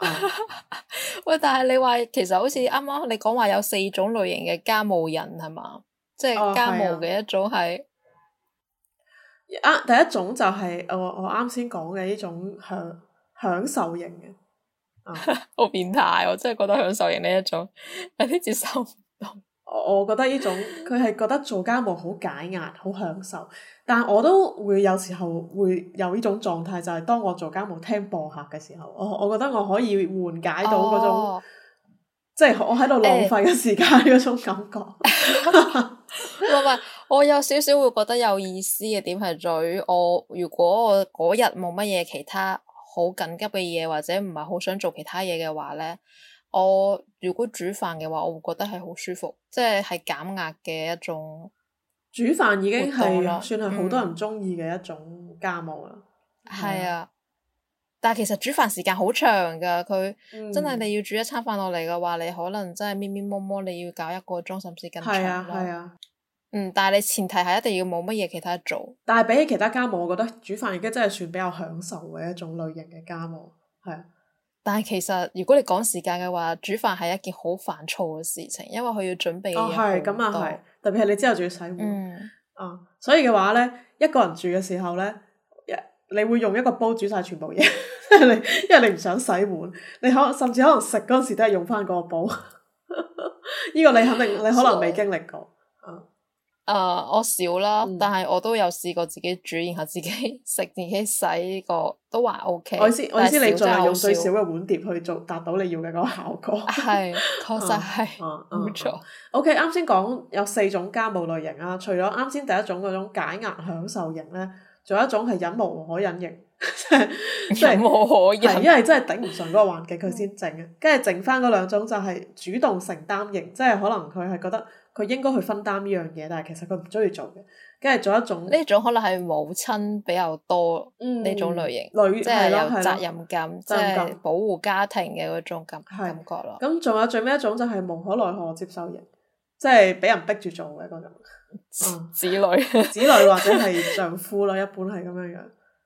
嗯、 喂，但係你話其實好似啱啱你講話有四種類型嘅家務人係嘛？即係家務嘅一種係。嗯嗯嗯嗯嗯啊，第一種就係我我啱先講嘅呢種享享受型嘅。啊、 好變態，我真係覺得享受型呢一種，有啲接受唔到。我我覺得呢種佢係覺得做家務好解壓，好享受，但我都會有時候會有呢種狀態，就係、是、當我做家務聽播客嘅時候，我我覺得我可以緩解到嗰種，哦、即係我喺度浪費嘅時間嗰、欸、種感覺。 是 我有少少會覺得有意思嘅點係，嘴我如果我嗰日冇乜嘢其他好緊急嘅嘢，或者唔係好想做其他嘢嘅話呢，我如果煮飯嘅話，我會覺得係好舒服，即係係減壓嘅一種。煮飯已經係算係好多人中意嘅一種家務啦。係、嗯、啊，啊但係其實煮飯時間好長㗎，佢、嗯、真係你要煮一餐飯落嚟嘅話，你可能真係咪咪摸摸你要搞一個鐘，甚至更長啊。嗯，但係你前提係一定要冇乜嘢其他做。但係比起其他家務，我覺得煮飯已經真係算比較享受嘅一種類型嘅家務，係啊。但係其實如果你趕時間嘅話，煮飯係一件好煩躁嘅事情，因為佢要準備嘅嘢好多。係咁啊，係。特別係你之後仲要洗碗、嗯、啊，所以嘅話咧，一個人住嘅時候咧，你會用一個煲煮晒全部嘢，你， 因為你唔想洗碗，你可甚至可能食嗰時都係用翻嗰個煲。呢 個你肯定你可能未經歷過。 誒，uh, 我少啦，但係我都有試過自己煮，然後自己食自己洗個，都還 O K。我意思我意思，你仲用最少嘅碗碟去做，達到你要嘅個效果。係，確實係，冇錯。OK，啱先講有四種家務類型啊，除咗啱先第一種嗰種解壓享受型咧，仲有一種係忍無可忍型，即 係、就是、無可忍， 就是、因為真係頂唔順嗰個環境，佢先整嘅，跟住剩翻嗰兩種就係主動承擔型，即、就、係、是、可能佢係覺得。佢應該去分擔呢樣嘢，但係其實佢唔中意做嘅，跟係做一種呢種可能係母親比較多呢種類型，即係有責任感，即係保護家庭嘅嗰種感感覺咯。咁仲有最尾一種就係無可奈何接受型，即係俾人逼住做嘅嗰種子女、子女或者係丈夫咯，一般係咁樣樣。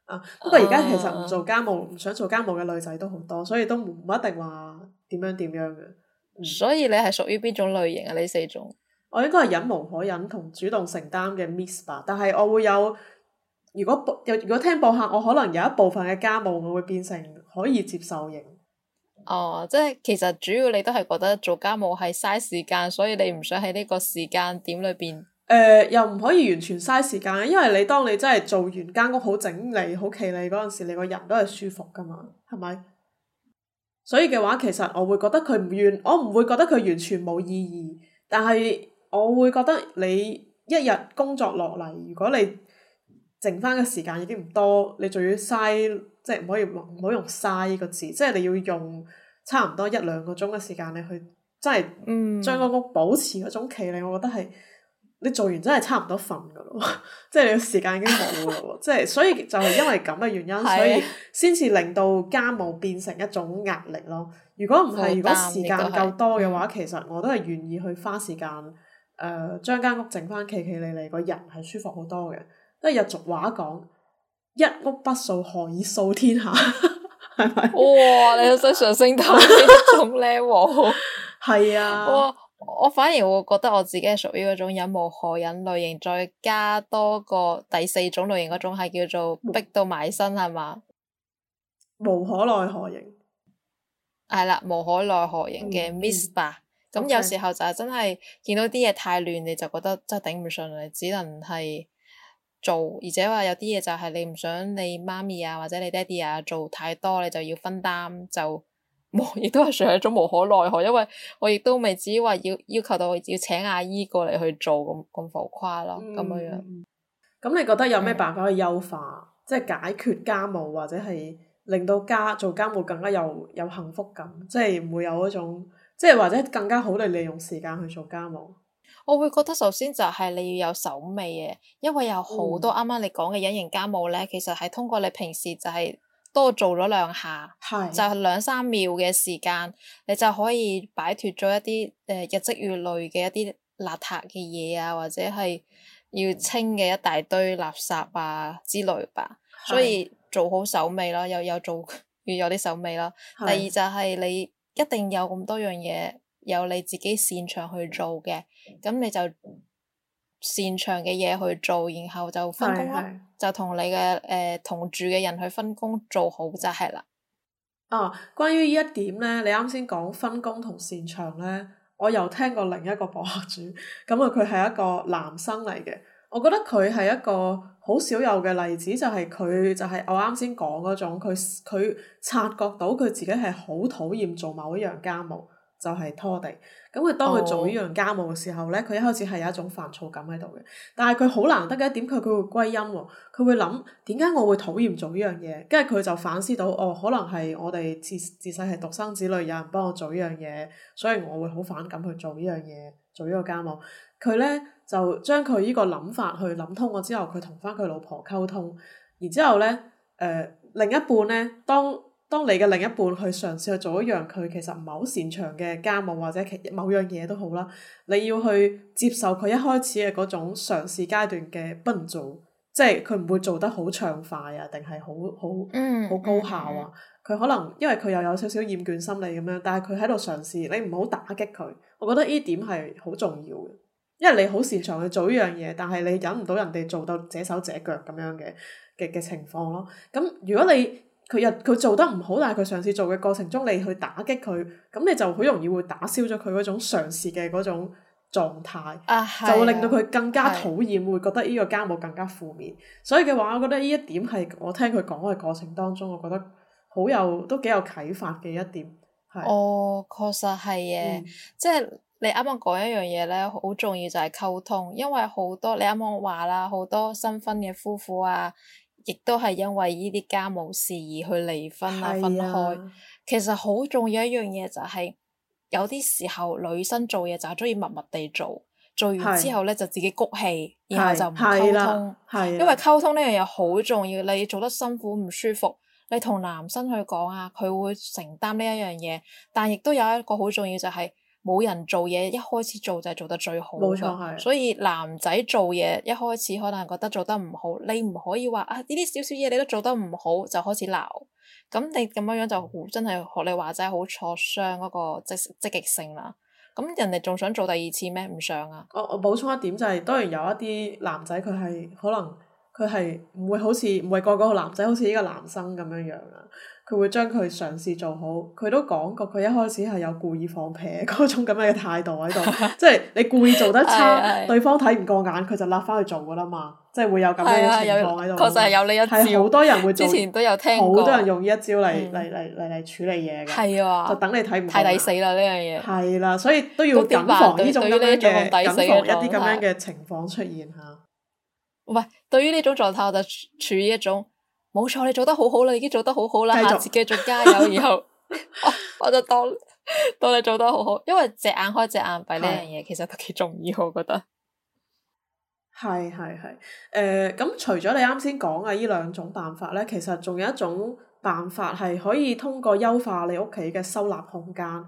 啊，不過而家其實唔做家務、唔想做家務嘅女仔都好多，所以都唔一定話點樣點樣嘅。所以你係屬於邊種類型啊？呢四種。我應該係忍無可忍同主動承擔嘅 miss 吧，但係我會有如果有如果聽播客，我可能有一部分嘅家務，我會變成可以接受型。哦，即係其實主要你都係覺得做家務係嘥時間，所以你唔想喺呢個時間點裏邊。誒、呃，又唔可以完全嘥時間，因為你當你真係做完間屋好整理好企理嗰陣時，你個人都係舒服噶嘛，係咪？所以嘅話，其實我會覺得佢唔完，我唔會覺得佢完全冇意義，但係，我會覺得你一日工作落嚟，如果你剩翻嘅時間已經唔多，你仲要嘥，即係唔可以唔好用嘥呢個字，即係你要用差唔多一兩個鐘嘅時，時間，你去真係將嗰個保持嗰種企理、嗯，我覺得係你做完真係差唔多瞓噶咯喎，即係你時間已經冇咯喎， 即係所以就係因為咁嘅原因， 所以先至令到家務變成一種壓力咯。的如果唔係，如果時間夠多嘅話，嗯、其實我都係願意去花時間。誒，將間、呃、屋整翻企企理理，個人係舒服好多嘅。即係有俗話講：一屋不掃何以掃天下？係 咪是？哇、哦！你真係上升到呢種 level。係 啊。哇、啊！我反而會覺得我自己係屬於嗰種忍無可忍類型，再加多個第四種類型嗰種係叫做逼到埋身，係嘛、嗯吧？無可奈何型。係啦、嗯，無可奈何型嘅 miss 吧。咁有時候就真係見到啲嘢太亂，你就覺得真係頂唔順。你只能係做。而且話有啲嘢就係你唔想你媽咪啊或者你爹哋啊做太多，你就要分擔，就無，亦都係算係一種無可奈何，因為我亦都未至於話要要求到要請阿姨過嚟去做咁咁浮誇咯，咁、嗯、樣樣，咁你覺得有咩辦法去優化，即係、嗯、解決家務或者係令到家做家務更加有有幸福感，即係唔會有一種。即係或者更加好地利用時間去做家務。我會覺得首先就係你要有手尾嘅，因為有好多啱啱你講嘅隱形家務咧,其實係通過你平時就係多做咗兩下，是就係兩三秒嘅時間，你就可以擺脫咗一啲誒、呃、日積月累嘅一啲邋遢嘅嘢啊，或者係要清嘅一大堆垃圾啊之類吧。是所以做好手尾啦，又有，有做要有啲手尾啦。是第二就係你。一定有咁多樣嘢，有你自己擅長去做嘅，咁你就擅長嘅嘢去做，然後就分工，的就同你嘅誒同住嘅人去分工做好就係啦。啊，關於呢一點呢，你啱先講分工同擅長呢，我又聽過另一個博主，咁啊佢係一個男生嚟嘅，我覺得佢係一個。好少有嘅例子就係，是，佢就係，是，我啱先講嗰種。佢佢察覺到佢自己係好討厭做某一樣家務，就係，是，拖地。咁佢當佢做呢樣家務嘅時候呢佢，oh. 一開始係有一種煩躁感喺度嘅。但係佢好難得嘅一點，佢佢會歸因喎，佢會諗點解我會討厭做呢樣嘢？跟住佢就反思到哦，可能係我哋自自細係獨生子女，有人幫我做呢樣嘢，所以我會好反感去做呢樣嘢，做呢個家務。佢呢就將佢呢個諗法去諗通咗之後，佢同翻佢老婆溝通，然之後呢，誒、呃，另一半呢，當當你嘅另一半去嘗試去做一樣佢其實唔係好擅長嘅家務或者其某樣嘢都好啦，你要去接受佢一開始嘅嗰種嘗試階段嘅不能做，即係佢唔會做得好暢快啊，定係好好好高效啊？佢、嗯嗯、可能因為佢又有少少厭倦心理咁樣，但係佢喺度嘗試，你唔好打擊佢，我覺得呢點係好重要嘅。因為你好擅長去做呢樣嘢，但係你忍唔到人哋做到者手者腳這手這腳咁樣嘅嘅嘅情況咯。咁、嗯、如果你佢又佢做得唔好，但係佢嘗試做嘅過程中，你去打擊佢，咁你就好容易會打消咗佢嗰種嘗試嘅嗰種狀態，啊啊、就會令到佢更加討厭，啊啊、會覺得呢個家務更加負面。所以嘅話，我覺得呢一點係我聽佢講嘅過程當中，我覺得好有都幾有啟發嘅一點。啊、哦，確實係嘅，嗯、即係。你啱啱講一樣嘢咧，好重要就係溝通，因為好多你啱啱話啦，好多新婚嘅夫婦啊，亦都係因為呢啲家務事而去離婚啊、分開。的其實好重要一樣嘢就係、是，有啲時候女生做嘢就係中意默默地做，做完之後咧的就自己谷氣，然後就唔溝通。因為溝通呢樣嘢好重要，你做得辛苦唔舒服，你同男生去講啊，佢會承擔呢一樣嘢。但亦都有一個好重要就係、是。冇人做嘢，一開始做就係做得最好嘅。冇錯，係，所以男仔做嘢一開始可能覺得做得唔好，你唔可以話啊呢啲少少嘢你都做得唔好就開始鬧，咁你咁樣樣就真係學你話齋好挫傷嗰個積積極性啦。咁人哋仲想做第二次咩？唔想啊！我我補充一點就係，當然有一啲男仔佢係可能佢係唔會好似唔係個個男仔好似呢個男生咁樣樣啊。佢會將佢嘗試做好，佢都講過，佢一開始係有故意放屁嗰種咁樣嘅態度喺度，即係你故意做得差，對方睇唔過眼，佢就立翻去做噶啦嘛，即係會有咁樣嘅情況喺度。確實有呢一招，係好多人會做。之前都有聽過，好多人用呢一招嚟嚟嚟嚟處理嘢嘅，就等你睇唔過眼，太抵死啦呢樣嘢。係啦，所以都要謹防呢種咁樣嘅謹防一啲咁樣嘅情況出現嚇。唔係，對於呢種狀態我就處於一種。冇錯，你做得好好啦，已經做得好好啦吓，下次繼續加油。以後我、 哦、我就當當你做得好好，因為隻眼開隻眼閉呢樣嘢是其實都幾重要，我覺得。係係係，誒，咁、呃、除咗你啱先講嘅呢兩種辦法咧，其實仲有一種辦法係可以通過優化你屋企嘅收納空間，誒、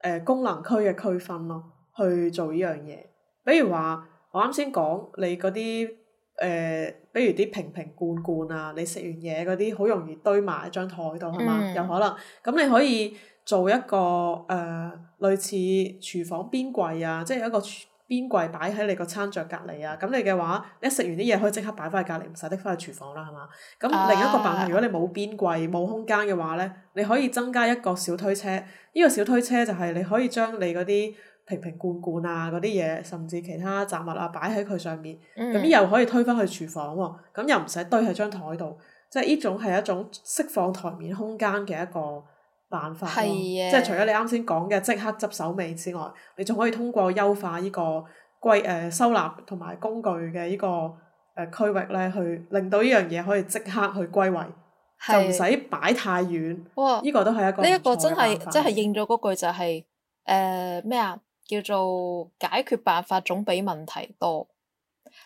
呃、功能區嘅區分咯，去做呢樣嘢。比如話我啱先講你嗰啲。誒、呃，比如啲瓶瓶罐罐啊，你食完嘢嗰啲好容易堆埋喺張台度，係嘛、嗯？有可能咁，你可以做一個誒、呃、類似廚房邊櫃啊，即係一個邊櫃擺喺你個餐桌隔離啊。咁你嘅話，你一食完啲嘢可以即刻擺翻喺隔離，唔使拎翻去廚房啦，係嘛？咁另一個辦法，啊、如果你冇邊櫃冇空間嘅話呢，你可以增加一個小推車。呢、這個小推車就係你可以將你嗰啲瓶瓶罐罐啊，嗰啲嘢，甚至其他雜物啊，擺喺佢上面，咁又、嗯、可以推返去廚房喎、啊，咁又唔使堆喺張台度，即係呢種係一種釋放台面空間嘅一個辦法、啊、的即係除咗你啱先講嘅即刻執手尾之外，你仲可以通過優化呢個歸收納同埋工具嘅呢個誒區域呢，去令到呢樣嘢可以即刻去歸位，的就唔使擺太遠。呢哇個都係一個呢一個真係真係應咗嗰句就係咩啊？呃叫做解決辦法總比問題多，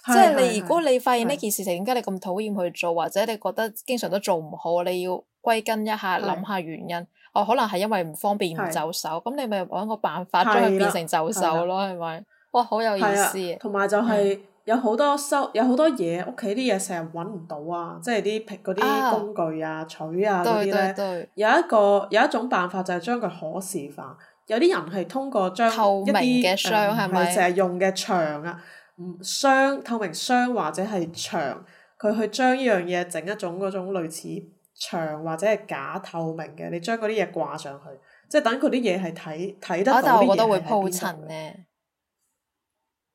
的即係你如果你發現呢件事情，點解的你咁討厭去做，或者你覺得經常都做唔好，你要歸根一下，諗的下原因。哦，可能係因為唔方便唔的走手，咁你咪揾個辦法將佢變成走手咯，係咪的的？哇，好有意思。同埋就係有好多收的有好多嘢、屋企啲嘢成日揾唔到啊，即係啲嗰啲工具啊、鎚啊嗰啲咧。有一個有一種辦法就係將佢可視化。有啲人係通過將一啲唔係成日用嘅牆啊，唔，窗、透明窗、嗯、或者係牆，佢去將依樣嘢整一種嗰種類似牆或者係假透明嘅，你將嗰啲嘢掛上去，即係等佢啲嘢係睇睇得到啲嘢喺邊，我就我覺得，覺得都會鋪塵咧。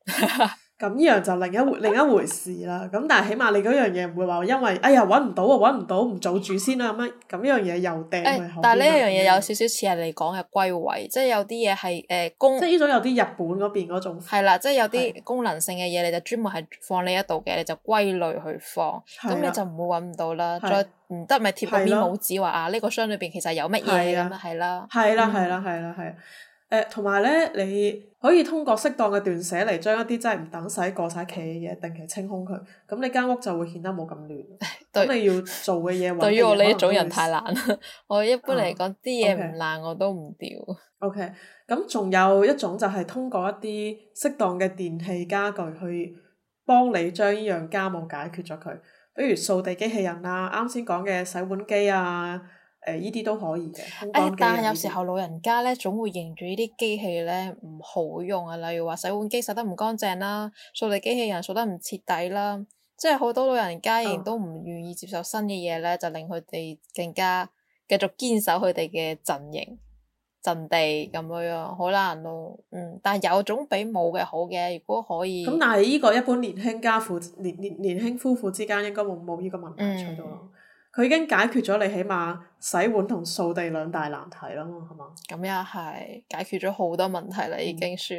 咁呢樣就另一另一回事啦。咁但係起碼你嗰樣嘢唔會話因為，哎呀，揾唔到啊，揾唔到唔做住先啦咁樣。咁呢樣嘢又掟，但係呢一樣嘢有少少似係你講嘅歸位，即係有啲嘢係誒功。即係呢種有啲日本嗰邊嗰種。係啦，即係有啲功能性嘅嘢，你就專門係放呢一度嘅，你就歸類去放。咁你就唔會揾唔到啦。再唔得咪貼個面冇紙話啊！呢個箱裏邊其實有乜嘢咁啊？係啦。係啦，係啦，係啦，係。同埋咧，你可以通過適當嘅斷捨嚟將一啲真係唔等使過晒期嘅嘢定期清空佢，咁你間屋就會顯得冇咁亂。對，你要做嘅嘢。對於我呢一種人太難， 我一般嚟講啲嘢唔爛 okay. 我都唔掉。OK，咁仲有一種就係通過一啲適當嘅電器家具去幫你將呢樣家務解決咗佢，比如掃地機器人啦、啊，啱先講嘅洗碗機啊。誒呢啲都可以嘅、哎，但係有時候老人家咧總會認住呢啲機器咧唔好用啊，例如話洗碗機洗得唔乾淨啦、啊，掃地機器人掃得唔徹底啦、啊，即係好多老人家仍、啊、都唔願意接受新嘅嘢咧，就令佢哋更加繼續堅守佢哋嘅陣營陣地咁樣，好難咯、啊。嗯，但係有總比冇嘅好嘅，如果可以。咁、嗯嗯嗯、但係呢個一般年輕家父、年年年，年，年輕夫婦之間應該冇冇呢個問題出到、嗯。咯、嗯。佢已經解決咗你起碼洗碗同掃地兩大難題啦，嘛係嘛？咁又係解決咗好多問題啦，已經算。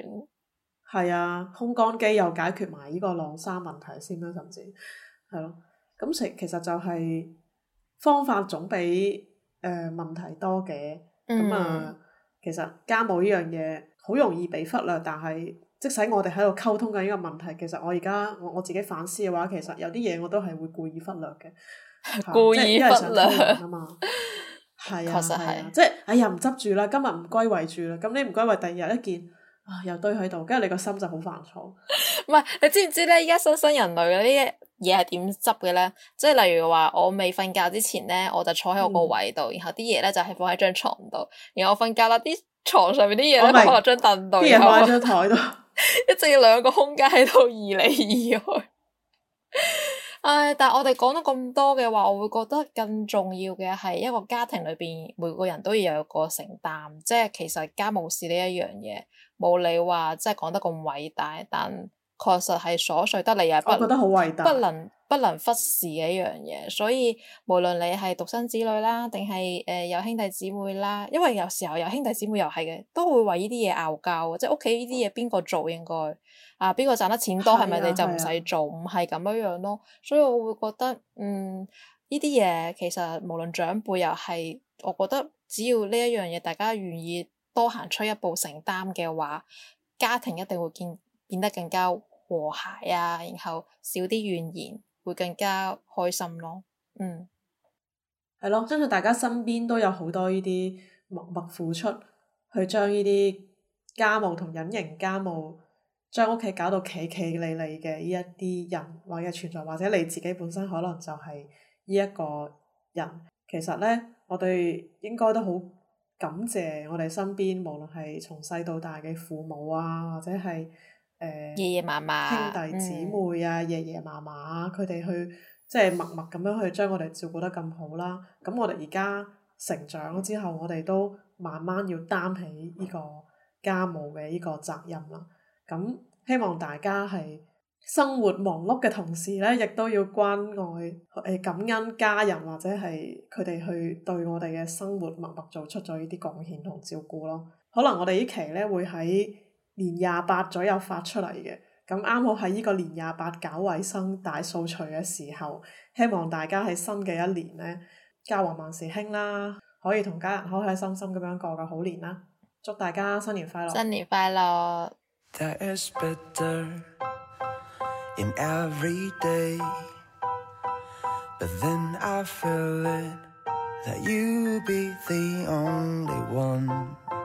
係、嗯、啊，空乾機又解決埋呢個晾衫問題先啦，甚至係咯。咁成、啊嗯、其實就係方法總比誒、呃、問題多嘅。咁、嗯嗯、啊，其實家務呢樣嘢好容易被忽略，但係即使我哋喺度溝通緊呢個問題，其實我而家我我自己反思嘅話，其實有啲嘢我都係會故意忽略嘅。故意忽略啊嘛，係啊，確實係啊，即係哎呀唔執住啦，今日唔歸位住啦，咁你唔歸位，第二日一件啊又堆喺度，跟住你個心就好煩躁。唔係， 你知唔知咧？依家，新新人類嗰啲嘢係點執嘅咧？即係例如話，我未瞓覺之前咧，我就坐喺我個位度，嗯、然後啲嘢咧就係放喺張床度，然後我瞓覺啦，啲床上面啲嘢咧放喺張凳度，啲嘢放喺張台度，一直要兩個空間喺度移嚟移去。 唉，但係我哋講得咁多嘅話，我會覺得更重要嘅係一個家庭裏邊，每個人都要有個承擔。即係其實家務事呢一樣嘢，冇你話即係講得咁偉大，但確實係瑣碎得嚟又覺得好偉大，不能。不能忽視嘅一樣嘢，所以無論你係獨生子女啦，定係誒有兄弟姊妹啦，因為有時候有兄弟姊妹又係嘅，都會為呢啲嘢拗交，即係屋企呢啲嘢邊個做應該啊？邊個賺得錢多係咪、啊、你就唔使做？唔係咁樣樣咯，所以我會覺得，嗯，呢啲嘢其實無論長輩又係，我覺得只要呢一樣嘢大家願意多行出一步承擔嘅話，家庭一定會見變得更加和諧啊，然後少啲怨言。會更加開心咯，嗯，係咯，相信大家身邊都有好多呢啲默默付出，去將呢啲家務同隱形家務，將屋企搞到企企理理嘅呢一啲人，或者存在，或者你自己本身可能就係呢一個人。其實呢，我哋應該都好感謝我哋身邊，無論係從細到大嘅父母啊，或者係。誒、呃、爺爺嫲嫲兄弟姊妹啊，爺爺嫲嫲佢哋去即係、就是、默默咁樣去將我哋照顧得咁好啦。咁我哋而家成長咗之後，嗯、我哋都慢慢要擔起呢個家務嘅呢個責任啦。咁、嗯、希望大家係生活忙碌嘅同時呢，亦都要關愛誒感恩家人或者係佢哋去對我哋嘅生活默默做出咗呢啲貢獻同照顧咯。可能我哋呢期呢，會喺。年廿八左右發出嚟嘅，咁啱好喺呢個年廿八搞衛生大掃除嘅時候，希望大家喺新嘅一年呢，家和萬事興啦，可以同家人開開心心咁樣過個好年啦，祝大家新年快樂！新年快樂！